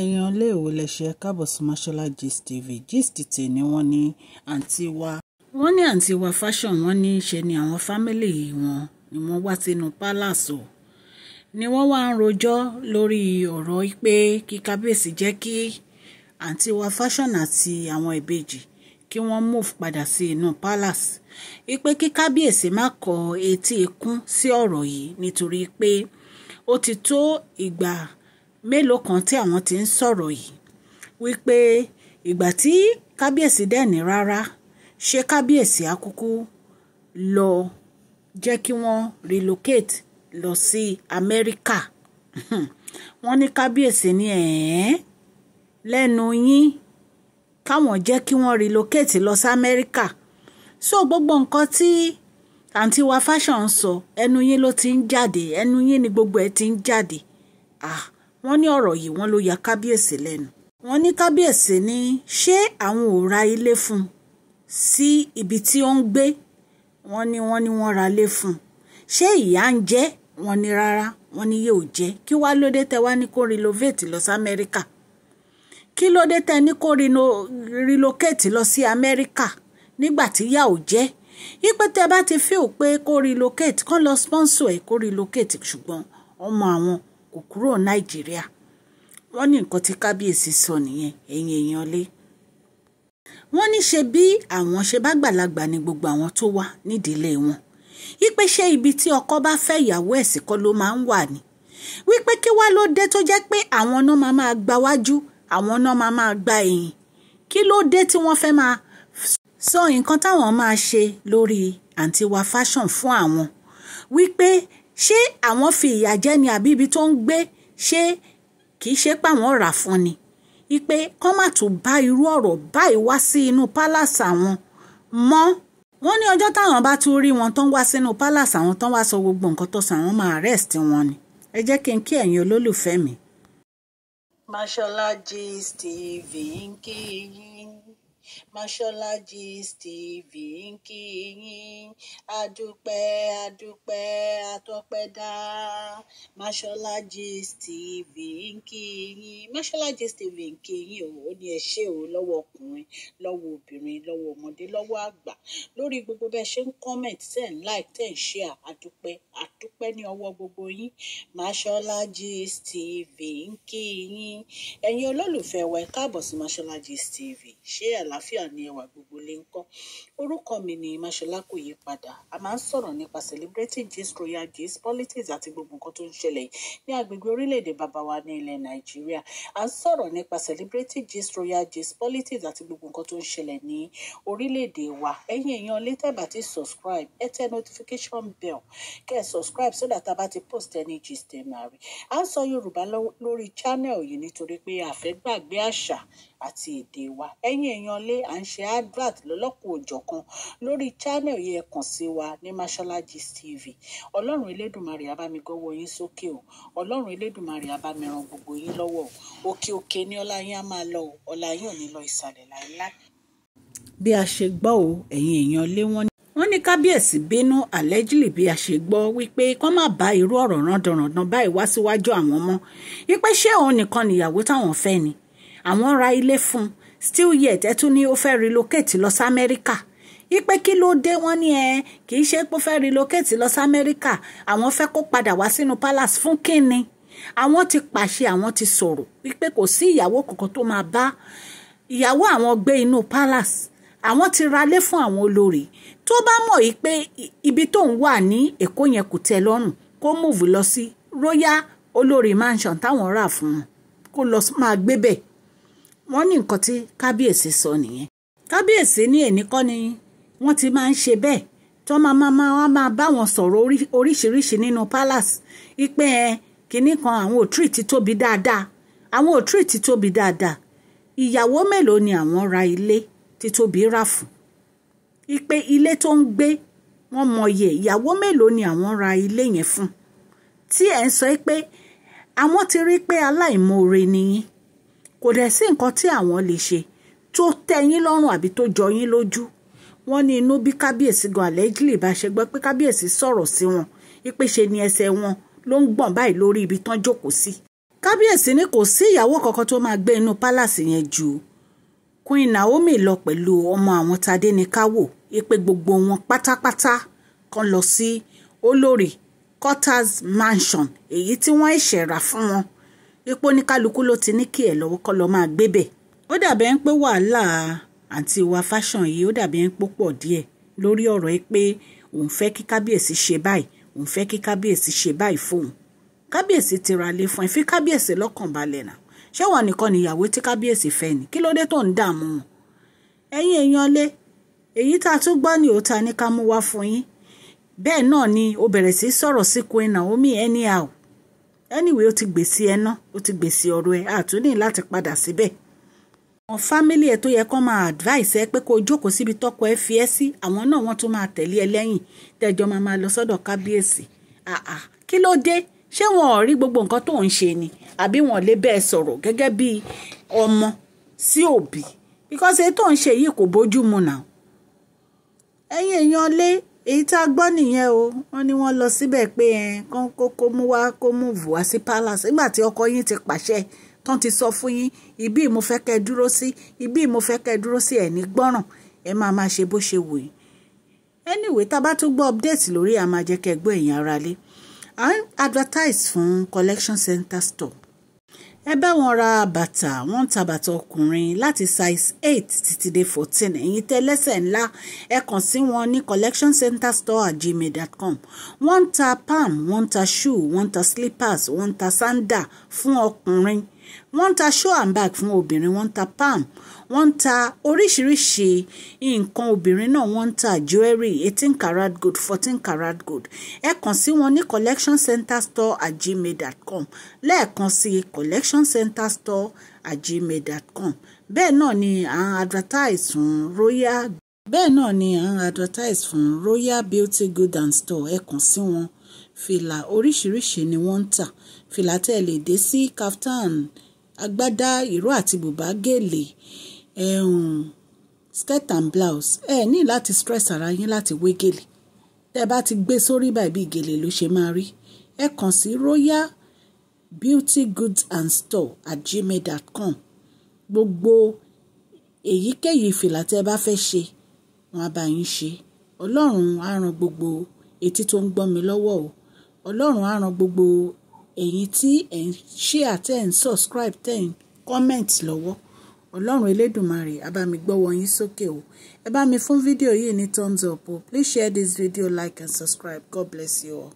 èèyàn iléèwé lẹ́sẹ̀ káàbọ̀ sí Mashola Gist TV gist tèmi wọ́n ní àǹtí wa wọ́n ní àǹtí wa fashion wọ́n ní ṣe ni àwọn fámìlì wọn ni wọ́n wá sínú palace o ni wọ́n wá ń rojọ́ lórí ọ̀rọ̀ pé kí kábíyèsí jẹ́ kí àǹtí wa fashion àti àwọn ìbejì kí wọ́n move padà sí inú palace ipe kí kábíyèsí má kọ etí ikún sí ọ̀rọ̀ yìí nítorí pé ó ti tó ìgbà mélòó kan tí àwọn ti ń sọ̀rọ̀ yìí wípé ìgbà tí kábíyèsí dẹ́ni rárá ṣe kábíyèsí akúkú lọ jẹ́ kí wọ́n relocate lọ sí Amẹ́ríkà wọ́n ní kábíyèsí ní ẹ̀ẹ́n lẹ́nu yín káwọn jẹ́ kí wọ́n relocate lọ sí Amẹ́ríkà so gbogbo nǹkan tí àǹtí wa fashion sọ ẹnu yín ló ti ń jáde ẹnu yín ni gbogbo ẹ ti ń jáde ah wọ́n ní ọ̀rọ̀ yìí wọ́n ló ya kábíyèsí lẹ́nu wọ́n ní kábíyèsí ní ṣé àwọn ò ra ilé fún un sí ibi tí ó ń gbé wọ́n ní wọ́n ní wọ́n ra ilé fún un ṣé ìyà ń jẹ wọ́n ní rárá wọ́n ní yóò jẹ kí wá lóde tẹ wá ní kó relocate lọ sí Amẹ́ríkà kí lóde tẹ ní kó relocate lọ sí Amẹ́ríkà nígbà tí yà ò jẹ́ ipe tẹ bá ti fíò pé kó relocate kán lọ sponsor ẹ̀ kó relocate ṣùgbọ́n ọmọ àwọn kò kúrò nàìjíríà wọ́n ní nǹkan tí kábíyèsí sọ nìyẹn ẹ̀yin èèyàn lé wọ́n ní ṣe bí àwọn ṣe bá gbàlagbà ni gbogbo àwọn tó wà nídìílé wọn wípé ṣé ibi tí ọkọ bá fẹ́ ìyàwó ẹ̀ sí ló máa ń wà ni wípé kí wá ló dé tó jẹ́ pé àwọn náà máa máa gba wájú àwọn náà máa máa gba ẹ̀yìn kí ló dé tí wọ́n fẹ́ máa sọ nǹkan táwọn máa ṣe lórí àǹtiwá fashion fún àwọn wípé ṣé àwọn fi ìyà jẹ ni àbí ibi tó ń gbé ṣé kì í ṣe páwọn rà fún ni ipe kán má tún bá irú ọ̀rọ̀ báyìí wá sí inú pálásì àwọn mọ́ wọ́n ní ọjọ́ táwọn bá tún rí wọn tán wá sínú pálásì àwọn tán wá sọ gbogbo nǹkan tó sọ àwọn máa arrest wọn ni ẹ jẹ́ kí n kí ẹ̀yin olólùfẹ́ mi. Mashola Gist TV ń kí yín Mashola Gist TV ń kí yín adúpẹ́ adúpẹ́ atọ́pẹ́dá Mashola Gist TV ń kí yín Mashola Gist TV ń kí yín o ó ní ẹ o lọ́wọ́ ọkùnrin lọ́wọ́ obìnrin lọ́wọ́ ọmọdé lọ́wọ́ àgbà lórí gbogbo bẹ́ẹ̀ ṣe ń comment ten like ten share adúpẹ́ adúpẹ́ ní ọwọ́ gbogbo yín Mashola Gist TV ń kí yín ẹ̀yin olólùfẹ́ wa ẹ káàbọ̀ sí Mashola TV ṣé ẹ̀ lá àlàáfíà ni ẹwà gbogbo ilé ń kọ́ orúkọ mi ni Máṣọlá kò yí padà a máa ń sọ̀rọ̀ nípa celebrity gist royal gist politics àti gbogbo nǹkan tó ń ṣẹlẹ̀ ní agbègbè orílẹ̀-èdè bàbá ní ilẹ̀ Nàìjíríà a ń sọ̀rọ̀ nípa celebrity gist royal gist politics àti gbogbo nǹkan tó ń ṣẹlẹ̀ ní orílẹ̀-èdè wa ẹ̀yin èèyàn lè ti subscribe ẹ tẹ notification bell kẹ́ ẹ subscribe so that a bá ti post ẹni gist ẹ̀ máa rí a ń sọ Yorùbá lórí channel yìí nítorí pé a fẹ́ gbàgbé àṣà àti èdè wa ẹ̀yin èèyàn lé à ń ṣe advert lọ́lọ́kùn òjọ̀ kan lórí channel yẹn kàn sí wa ní Mashola Gist TV ọlọ́run elédùnmarè abami yín sókè o ọlọ́run elédùnmarè abami gbogbo yín lọ́wọ́ o òkè òkè ni ọlá yín á máa lọ o ọlá yín ò ní lọ ìsàlẹ̀ láéláé. bí a ṣe gbọ́ o ẹ̀yin èèyàn lé wọ́n ní wọ́n ní kábíyèsí bínú allegedly bí a ṣe gbọ́ wípé kọ́ má bá irú ọ̀rọ̀ randanrandan báyìí wá síwájú àwọn mọ́ wípé ṣé òun nìkan nìyàwó táwọn fẹ́ ni àwọn ra ilé fún still yet ẹ tún ní ó fẹ́ relocate lọ sí Amẹ́ríkà ipe kí ló dé wọ́n ní ẹ kì í ṣe pé fẹ́ relocate lọ sí Amẹ́ríkà àwọn fẹ́ kó padà wá sínú palace fún kínni àwọn ti pàṣẹ àwọn ti sọ̀rọ̀ wípé kò sí ìyàwó kankan tó máa bá ìyàwó àwọn gbé inú palace àwọn ti ralé fún àwọn olórí tó bá mọ̀ yìí pé ibi tó ń wà ní Èkó yẹn kò tẹ́ lọ́rùn kó múùfù lọ sí royal olórí mansion táwọn rà fún un kó lọ máa gbé bẹ̀ wọ́n ní nǹkan tí kábíyèsí sọ nìyẹn kábíyèsí ní èní ni wọ́n ti máa ń ṣe bẹ́ẹ̀ tó máa máa máa máa bá wọn sọ̀rọ̀ oríṣiríṣi nínú palace ipe ẹ kínní kan àwọn òtúrì ti tóbi dáadáa àwọn òtúrì ti tóbi dáadáa ìyàwó mélòó ni àwọn ra ilé tí tóbi rà fún ipe ilé tó ń gbé wọ́n mọyẹ ìyàwó mélòó ni àwọn ra ilé yẹn fún tí ẹ ń sọ pé àwọn ti rí pé aláìmoore nìyí kò dẹ̀ sí nǹkan tí àwọn lè ṣe tó tẹ́ lọ́rùn àbí tó jọ yín lójú wọ́n ní inú bí kábíyèsí gan allegedly bá ṣe gbọ́ pé kábíyèsí sọ̀rọ̀ sí wọn ìpèsè ni ẹsẹ̀ wọn ló ń gbọ̀n báyìí lórí ibi tán jókòó sí. kábíyèsí ní kò sí ìyàwó kankan tó máa gbé inú pálàsì yẹn ju Queen Naomi lọ pẹ̀lú ọmọ àwọn tadé ní káwò ìpè gbogbo wọn pátápátá kan lọ sí olórí Cutters Mansion èyí tí wọ́n ẹ̀ṣẹ̀ rà fún wọn ipò ní kálukú ló ti ní kí ẹ̀ lọ́wọ́ kọ́ lọ́ máa gbébẹ̀ ó dàbẹ̀ ń pé wàhálà àǹtí wa fashion yìí ó dàbí ẹni púpọ̀ díẹ̀ lórí ọ̀rọ̀ ẹ pé òun fẹ́ kí kábíyèsí ṣe báyìí òun fẹ́ kí kábíyèsí ṣe báyìí fóun kábíyèsí ti ra lé fún ẹ fi kábíyèsí lọ́kàn balẹ̀ náà ṣé wọn nìkan nìyàwó tí kábíyèsí fẹ́ ni kí ló dé tó ń dààmú wọn. ẹ̀yin èèyàn lé èyí tá a tún gbọ́ ní òòta ní ká mú wá fún yín bẹ́ẹ̀ náà ni o bẹ̀rẹ̀ sí sọ̀rọ̀ sí Queen Naomi anyhow anyway o ti gbèsè ẹ náà o ti gbèsè ọ̀rọ̀ ẹ àtúndì láti padà síbẹ̀. Si àwọn fámílì ẹ tó yẹ kán máa advice ẹ pé kó o jókòó síbi tọkọ ẹ fi ẹ sí àwọn náà wọ́n tún máa tẹ̀lé ẹ lẹ́yìn tẹ́jọ́ máa máa lọ sọ́dọ̀ kábíyèsí àà kí ló dé ṣé wọn ò rí gbogbo nǹkan tó ń ṣe ni àbí wọn lè bẹ́ẹ̀ sọ̀rọ̀ gẹ́gẹ́ bí ọmọ sí òbí because èyí tó ń ṣe yìí kò bójú mu nà ẹ̀yin èèyàn lé èyí tá a gbọ́ nìyẹn o wọ́n ní wọ́n lọ síbẹ̀ pé ẹ̀ kán kó mú wá kó mú vùwá sí palace nígbà tí ọkọ yín ti pàṣẹ tán ti sọ fún yín ibí mo fẹ́ kẹ́ ẹ dúró sí ibí mo fẹ́ kẹ́ ẹ dúró sí ẹ̀ ní gbọ́ràn ẹ máa máa ṣe bó ṣe wù yín anyway tá a bá tún gbọ́ update lórí a máa jẹ́ kẹ́ ẹ gbọ́ ẹ̀yin ara lé à ń advertise fún collection center store ẹ bá wọn ra bàtà wọ́n ń ta bàtà ọkùnrin láti size eight títí dé fourteen ẹ̀yin tẹ́ lẹ́sẹ̀ ńlá ẹ kàn sí wọn ní collection center store at gmail dot com wọ́n ń ta palm wọ́n ń ta shoe wọ́n ń ta slippers wọ́n ń ta sandal fún ọkùnrin wọ́n ń ta show and bag fún obìnrin wọ́n ń ta palm wọ́n ń ta oríṣiríṣi nǹkan obìnrin náà wọ́n ń ta jewelry eighteen karat gold fourteen karat gold ẹ kàn sí wọn ní collectioncentrestore@gmail.com lẹ́ẹ̀kan sí collectioncentrestore@gmail.com bẹ́ẹ̀ náà ni à ń advertise fún royal bẹ́ẹ̀ náà ni à ń advertise fún royal beauty good and store ẹ kàn sí wọn 0244 fìlà oríṣiríṣi ni wọ́n ń tà fìlà tẹ́ ẹ lè dé sí kaftan agbádá ìró àti bùbá gèlè skirt and blouse ẹ eh, ní láti stress ara yín láti wé gèlè tẹ́ ẹ bá ti gbé sórí báyìí gèlè ló ṣe máa rí ẹ kàn sí royal beauty goods and store at gmail.com gbogbo èyíkéyìí fìlà tẹ́ ẹ bá fẹ́ ṣe wọn á bá yín ṣe ọlọ́run á ran gbogbo etí tó ń gbọ́ mi lọ́wọ́ o Ọlọ́run á ran gbogbo ẹ̀yin tí ẹ̀ ń share tẹ́ ẹ̀ ń subscribe tẹ́ ẹ̀ ń comment lọ́wọ́ Ọlọ́run Elédùmarè á bá mi gbọ́wọ́ yín sókè o ẹ bá mi fún fídíò yìí ní thumbs up o please share this video like and subscribe God bless you all.